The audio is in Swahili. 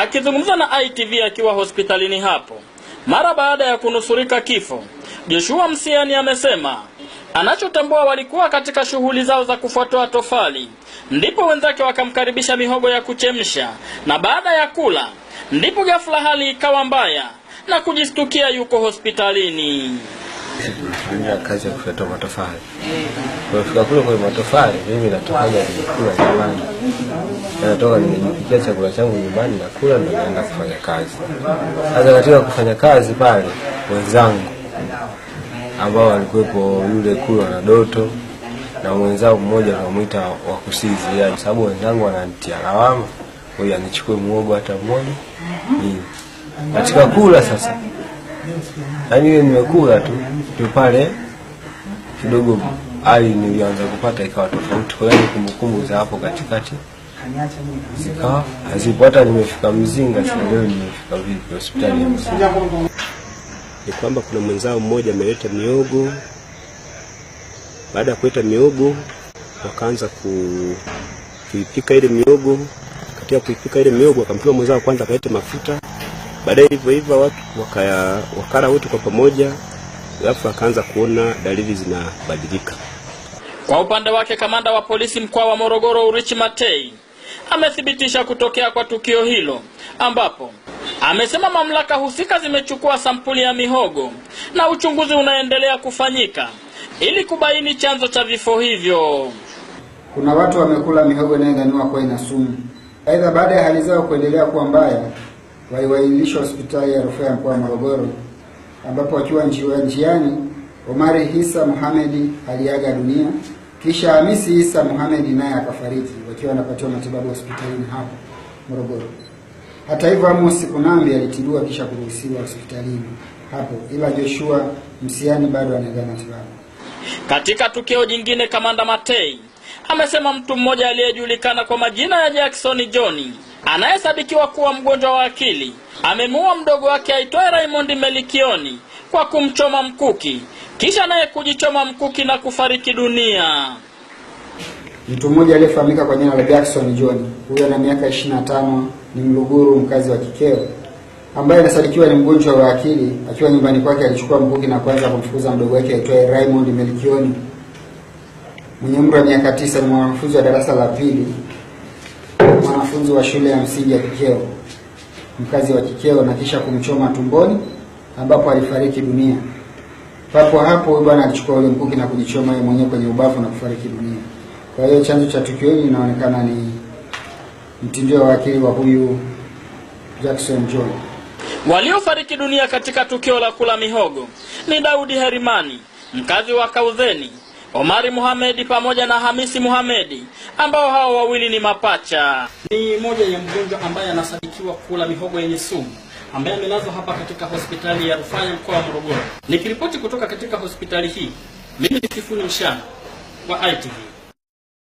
Akizungumza na ITV akiwa hospitalini hapo mara baada ya kunusurika kifo, Joshua Msiani amesema anachotambua walikuwa katika shughuli zao za kufuatoa tofali, ndipo wenzake wakamkaribisha mihogo ya kuchemsha, na baada ya kula ndipo ghafla hali ikawa mbaya na kujistukia yuko hospitalini tunafanya kazi ya kufyatua matofali. Kufika kule kwa matofali, mimi natokaga nikikula nyumbani, natoka nimejipikia chakula changu nyumbani, nakula ndo naenda kufanya kazi. Sasa katika kufanya kazi pale, wenzangu ambao walikuwepo yule kula na Doto na mwenzangu mmoja tunamwita Wakusizi, yani sababu wenzangu wanantia lawama, huyu anichukue muogo hata mmoja katika kula sasa yaani ile nimekula tu ndio pale kidogo hali nilianza kupata ikawa tofauti. Kwa hiyo kumbukumbu za hapo katikati zikawa hazipo. Hata nimefika Mzinga, sielewi nimefika vipi hospitali ya Mzinga. Ni kwamba kuna mwenzao mmoja ameleta miogo. Baada ya kuleta miogo, wakaanza kuipika ile miogo. Katika kuipika ile miogo, akampiwa mwenzao kwanza, akaleta mafuta Baadaye hivyo hivyo watu wakaya, wakala wote kwa pamoja, alafu akaanza kuona dalili zinabadilika. Kwa upande wake, kamanda wa polisi mkoa wa Morogoro Urichi Matei amethibitisha kutokea kwa tukio hilo ambapo amesema mamlaka husika zimechukua sampuli ya mihogo na uchunguzi unaendelea kufanyika ili kubaini chanzo cha vifo hivyo. Kuna watu wamekula mihogo inayodhaniwa kuwa ina sumu. Aidha, baada ya hali zao kuendelea kuwa mbaya waliwailishwa hospitali ya rufaa ya mkoa wa Morogoro, ambapo wakiwa njiani Omari Hisa muhamedi aliaga dunia, kisha Hamisi Hisa muhamedi naye akafariki wakiwa wanapatiwa matibabu hospitalini hapo Morogoro. Hata hivyo, Amos Kunambi alitibiwa kisha kuruhusiwa hospitalini hapo, ila Joshua Msiani bado anaendelea matibabu. Katika tukio jingine, Kamanda Matei amesema mtu mmoja aliyejulikana kwa majina ya Jackson Johnny anayesadikiwa kuwa mgonjwa wa akili amemuua mdogo wake aitwaye Raymond Melikioni kwa kumchoma mkuki kisha naye kujichoma mkuki na kufariki dunia. Mtu mmoja aliyefahamika kwa jina la Jackson John, huyo ana miaka 25, ni Mluguru, mkazi wa Kikeo, ambaye anasadikiwa ni mgonjwa wa akili. Akiwa nyumbani kwake, alichukua mkuki na kuanza kumfukuza mdogo wake aitwaye Raymond Melikioni mwenye umri wa miaka 9, ni mwanafunzi wa darasa la pili mwanafunzi wa shule ya msingi ya Kikeo mkazi wa Kikeo na kisha kumchoma tumboni ambapo alifariki dunia. Papo hapo huyu bwana alichukua ule mkuki na kujichoma yeye mwenyewe kwenye ubavu na kufariki dunia. Kwa hiyo chanzo cha tukio hili inaonekana ni mtindio wa wakili wa huyu Jackson John. Waliofariki dunia katika tukio la kula mihogo ni Daudi Herimani, mkazi wa Kaudheni Omari muhamedi pamoja na Hamisi muhamedi ambao hao wawili ni mapacha. Ni moja ya mgonjwa ambaye anasadikiwa kula mihogo yenye sumu ambaye amelazwa hapa katika hospitali ya rufaa ya mkoa wa Morogoro. Nikiripoti kutoka katika hospitali hii, mimi ni Kifuni Mshana wa ITV.